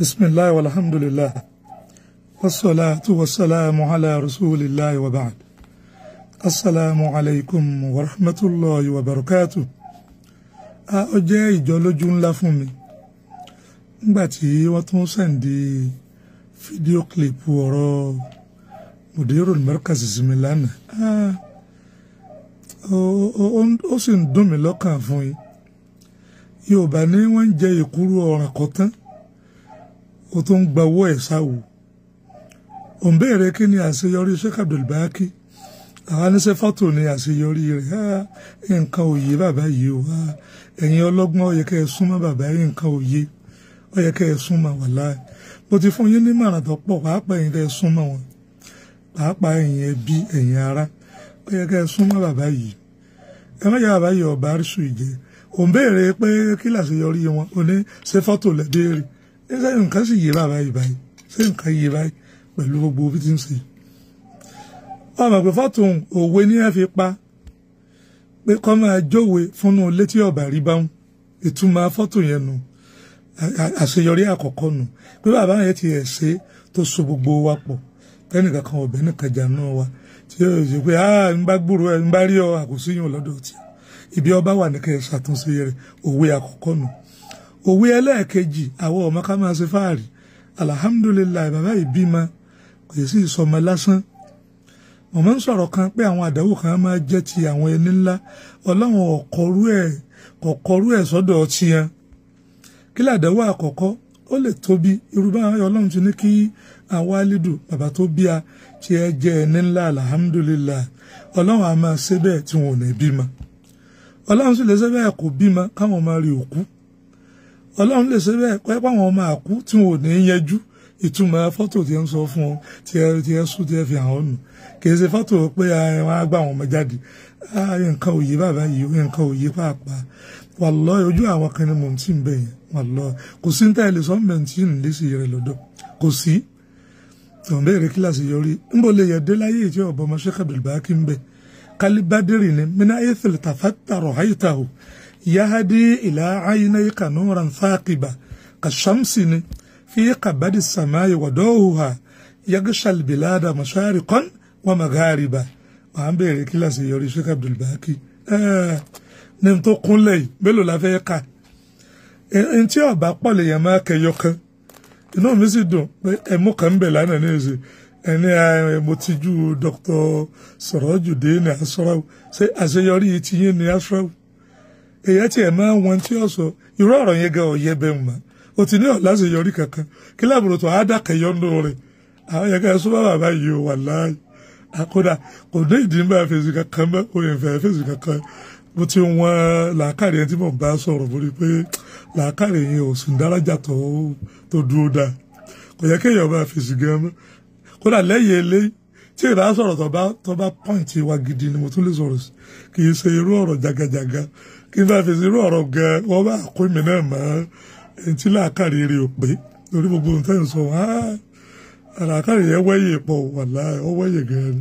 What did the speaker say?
بسم الله والحمد لله والصلاة والسلام على رسول الله وبعد السلام عليكم ورحمة الله وبركاته ó jẹ́ ìjọlójú ńlá fún mi nígbà tí wọ́n tún sẹ̀ǹdí fídíò kílípù ọ̀rọ̀ Mudirul Markaz sí mi lánàá ó sì ń dùn mí lọ́kàn fún yín Yorùbá ní wọ́n ń jẹ èkúrú ọ̀ràn kọ́tán o tó ń gba owó ẹ̀ sáwò ò ń béèrè kí ni àṣeyọrí Sheikh Abdulbaki àwa níṣẹ́ fọ́tò ni àṣeyọrí rẹ̀ nǹkan òye bàbá yìí o ẹ̀yin ọlọ́gbọ́n ó yẹ kẹ́ ẹ súnmọ́ bàbá yìí nǹkan òye ó yẹ kẹ́ ẹ súnmọ́ wàláhì mo ti fún yín ní màrán tó pọ̀ pàápàá ẹ̀yin tẹ́ ẹ súnmọ́ wọn pàápàá ẹ̀yin ẹbí ẹ̀yin ará ó kẹ́ ẹ súnmọ́ bàbá yìí ẹ má yà bàbá yìí ọ̀bá àrísù ìjẹ́ òun pé kí làṣeyọrí wọn ò ṣe fọ́tò lẹ́bẹ̀ẹ́rì ṣé nǹkan sì yé bàbá yìí báyìí ṣé nǹkan yé báyìí pẹ̀lú gbogbo bí ti ń ṣe ọmọ pé fọ́tún òwe ní ẹ fi pa pé kọ́ máa jówe fúnnú létí ọ̀bà rí báwọn ìtumọ̀ fọ́tò yẹn nu àṣeyọrí àkọ́kọ́ nu pé bàbá yẹn ti ẹ̀ tó so gbogbo wa pọ̀ tẹ́nìkan kan ọ̀bẹ nìkan jàǹnú wa tí ó ṣe pé ah ń bá gbúrò ẹ ń bá rí ọ àkóso yìí lọ́dọ̀ tí ibi ọba wà ní kẹ́ ẹ ṣàtúnṣe rẹ̀ òwe àkọ́kọ́ nu òwe ẹlẹ́ẹ̀kejì àwọn ọmọ ká máa ṣe fáàrí alhamdulilayi bàbá ìbímọ kò sí ìsọmọ lásán mo máa ń sọ̀rọ̀ kan pé àwọn àdáwò kan máa jẹ́ ti àwọn ẹni ńlá ọlọ́run ọ̀kọ́rú ẹ̀ kọ̀kọ́rú ẹ̀ sọ́dọ̀ ọtí yẹn kí làdáwò àkọ́kọ́ ó lè tóbi irúgbà ọlọ́run ti ní kí àwọn alidu bàbá tó bí a ṣe ẹ jẹ́ ẹni ńlá alhamdulilayi ọlọ́run a máa ṣe bẹ́ẹ̀ tí wọn ò ní bímọ ọlọ́run sì lè ṣe bẹ́ẹ̀ kó bímọ káwọn máa rí òkú ọlọ́run lè ṣe bẹ́ẹ̀ pẹ́ páwọn ọmọ àkú tí wọn ò ní yẹjú ìtumọ̀ fọ́tò tí ń sọ fún ọ tí ẹ tí ẹ sùn tí ẹ fi hàn ọ́nù kì í ṣe fọ́tò pé wọn á gbà wọn ọmọ jáde ah, nǹkan òye bàbá yìí nǹkan òye pàápàá wàlọ́ọ̀ ojú àwọn kan ni mò ń tì ń bẹ̀ yẹn wàlọ́ọ̀ kò sí ní táyà lè mẹ́rin tí ń lé sí rẹ̀ lọ́dọ̀ kò sí tó ń bẹ̀rẹ̀ kíláàsì yọrí ń bọ̀ lè yẹ̀dẹ́ láyé ìjọ ọ̀bọ̀mọṣẹ́ kàbẹ̀lẹ̀ bá kí ń bẹ̀ kálíbádẹ́rì ni mina ayé tẹ̀lẹ̀ tàfà yahadi ila ainayka nuran thaqiba kashamsi ni fi kabadi samai wadohuha yagshal bilada mashariqan wa maghariba wà ń bèèrè kí láti yọrí Sheikh Abdul Baki ní tó kúnlẹ̀ yìí mélòó la fẹ́ ka ẹni tí ọba pọ̀ lè yẹn máa kẹyọ kan inú mi sì dùn pé ẹmú kan ń bẹ̀ lánàá ní èsì ẹni mo ti ju Dr. Sọ̀rọ̀jù dé ní asọ́ráwù ṣé àṣeyọrí ti yín ní asọ́ráwù èyí tí máa wọn tí ó sọ irú ọ̀rọ̀ yẹn gan ọ̀yẹ́ bẹ́ẹ̀ mọ́ o ti ní ọ̀la yọrí kankan kí láàbùrọ̀ tó àádàkẹ́yọ́ ń àwọn yẹn a súnmọ́ bàbá yìí o wà láàyè àkódà kò ní ìdí ń bá fèsì kankan mọ́ o yẹn fèsì kankan ti wọn làákàrẹ̀ yẹn tí mò ń bá sọ̀rọ̀ mo rí i pé làákàrẹ̀ yẹn ò sùn dárájà tó dúró kò yẹ kéèyàn bá fèsì gan mọ́ kódà lẹ́yìn tí sọ̀rọ̀ tó bá wa gidi ni mo tún lè sọ̀rọ̀ sí kì í ṣe kí n bá fi sírú ọ̀rọ̀ gan wọ́n bá kó mi náà mọ́ ẹni tí làákàrí pé lórí gbogbo ohun ń sọ wá làákàrí yẹn wẹ́yẹ̀ pọ̀ wàláhì ó wẹ́yẹ̀ gan